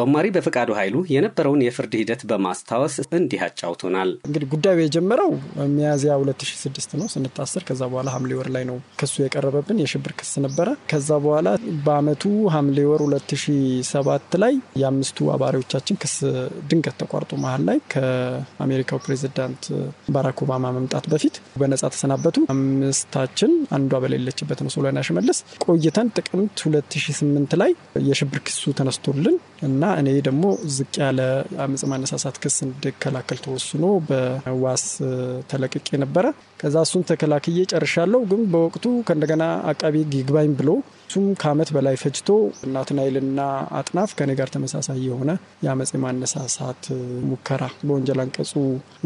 ጦማሪ በፈቃዱ ኃይሉ የነበረውን የፍርድ ሂደት በማስታወስ እንዲህ አጫውቶናል። እንግዲህ ጉዳዩ የጀመረው ሚያዝያ 2006 ነው ስንታሰር። ከዛ በኋላ ሐምሌ ወር ላይ ነው ክሱ የቀረበብን የሽብር ክስ ነበረ። ከዛ በኋላ በአመቱ ሐምሌ ወር 2007 ላይ የአምስቱ አባሪዎቻችን ክስ ድንገት ተቋርጦ መሀል ላይ ከአሜሪካው ፕሬዚዳንት ባራክ ኦባማ መምጣት በፊት በነጻ ተሰናበቱ። አምስታችን አንዷ በሌለችበት ነው ሶሊያና ሽመልስ። ቆይተን ጥቅምት 2008 ላይ የሽብር ክሱ ተነስቶልን እና እኔ ደግሞ ዝቅ ያለ አመፅ ማነሳሳት ክስ እንድከላከል ተወስኖ በዋስ ተለቅቄ ነበረ። ከዛ እሱን ተከላክዬ ጨርሻለሁ። ግን በወቅቱ ከእንደገና አቃቢ ይግባኝ ብሎ እሱም ከአመት በላይ ፈጅቶ ናትናኤልና አጥናፍ ከኔ ጋር ተመሳሳይ የሆነ የአመፅ ማነሳሳት ሙከራ በወንጀል አንቀጹ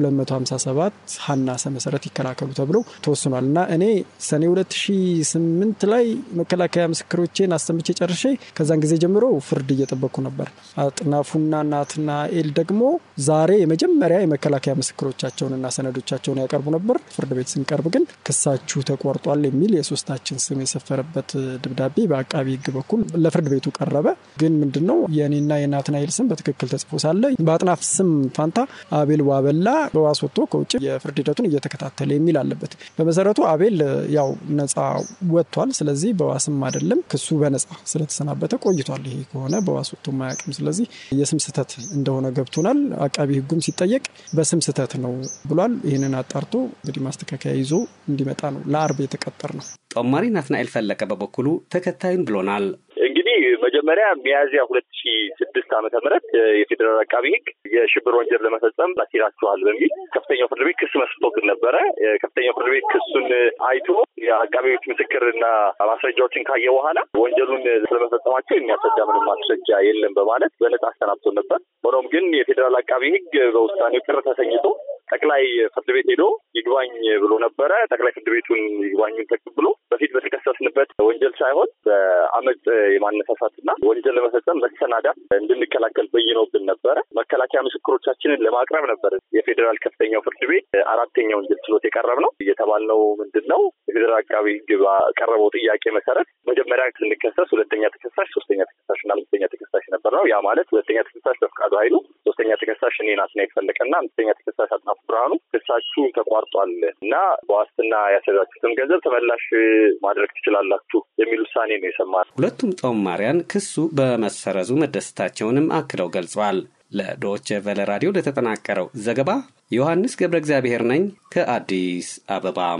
257 ሀናሰ መሰረት ይከላከሉ ተብሎ ተወስኗል እና እኔ ሰኔ 2008 ላይ መከላከያ ምስክሮቼን አሰምቼ ጨርሼ ከዛን ጊዜ ጀምሮ ፍርድ እየጠበቅኩ ነበር። አጥናፉና ናትናኤል ደግሞ ዛሬ የመጀመሪያ የመከላከያ ምስክሮቻቸውንና ሰነዶቻቸውን ያቀርቡ ነበር። ፍርድ ቤት ስንቀርብ ግን ክሳችሁ ተቆርጧል የሚል የሶስታችን ስም የሰፈረበት ደብዳቤ በአቃቢ ህግ በኩል ለፍርድ ቤቱ ቀረበ። ግን ምንድነው የእኔና የናትናኤል ስም በትክክል ተጽፎ ሳለ በአጥናፍ ስም ፋንታ አቤል ዋበላ በዋስ ወጥቶ ከውጭ የፍርድ ሂደቱን እየተከታተለ የሚል አለበት። በመሰረቱ አቤል ያው ነጻ ወጥቷል። ስለዚህ በዋስም አይደለም ክሱ በነጻ ስለተሰናበተ ቆይቷል። ይሄ ከሆነ በዋስ ወጥቶ ማያቅም ስለዚህ የስም ስህተት እንደሆነ ገብቶናል። አቃቢ ህጉም ሲጠየቅ በስም ስህተት ነው ብሏል። ይህንን አጣርቶ እንግዲህ ማስተካከያ ይዞ እንዲመጣ ነው ለአርብ የተቀጠር ነው። ጦማሪ ናትናኤል ፈለቀ በበኩሉ ተከታዩን ብሎናል። መጀመሪያ ሚያዝያ ሁለት ሺ ስድስት ዓመተ ምህረት የፌዴራል አቃቢ ህግ የሽብር ወንጀል ለመፈጸም አሲራችኋል በሚል ከፍተኛው ፍርድ ቤት ክስ መስርቶብን ነበረ። ከፍተኛው ፍርድ ቤት ክሱን አይቶ የአቃቢዎች ምስክርና ማስረጃዎችን ካየ በኋላ ወንጀሉን ስለመፈጸማቸው የሚያስረዳ ምንም ማስረጃ የለም በማለት በነጻ አሰናብቶ ነበር። ሆኖም ግን የፌዴራል አቃቢ ህግ በውሳኔው ቅር ተሰኝቶ ጠቅላይ ፍርድ ቤት ሄዶ ይግባኝ ብሎ ነበረ። ጠቅላይ ፍርድ ቤቱን ይግባኙን ተቀብሎ በፊት በተከሰስ በደረስንበት ወንጀል ሳይሆን በአመፅ የማነሳሳትና ወንጀል ለመፈጸም መሰናዳት እንድንከላከል በይኖብን ነበረ። መከላከያ ምስክሮቻችንን ለማቅረብ ነበር የፌዴራል ከፍተኛው ፍርድ ቤት አራተኛ ወንጀል ችሎት የቀረብ ነው እየተባልነው ምንድን ነው የፌዴራል አቃቢ ሕግ ቀረበው ጥያቄ መሰረት መጀመሪያ ስንከሰስ ሁለተኛ ተከሳሽ፣ ሶስተኛ ተከሳሽ እና አምስተኛ ተከሳሽ ነበር ነው። ያ ማለት ሁለተኛ ተከሳሽ በፍቃዱ ኃይሉ፣ ሶስተኛ ተከሳሽ እኔ ናትና የተፈለቀና አምስተኛ ተከሳሽ አጥናፉ ብርሃኑ ክሳችሁ ተቋርጧል እና በዋስትና ያስያዛችሁትን ገንዘብ ተመላሽ ማድረግ ትችላል ትችላላችሁ የሚል ውሳኔ ነው የሰማ ሁለቱም ጦማሪያን ክሱ በመሰረዙ መደሰታቸውንም አክለው ገልጸዋል። ለዶች ቨለ ራዲዮ ለተጠናቀረው ዘገባ ዮሐንስ ገብረ እግዚአብሔር ነኝ ከአዲስ አበባ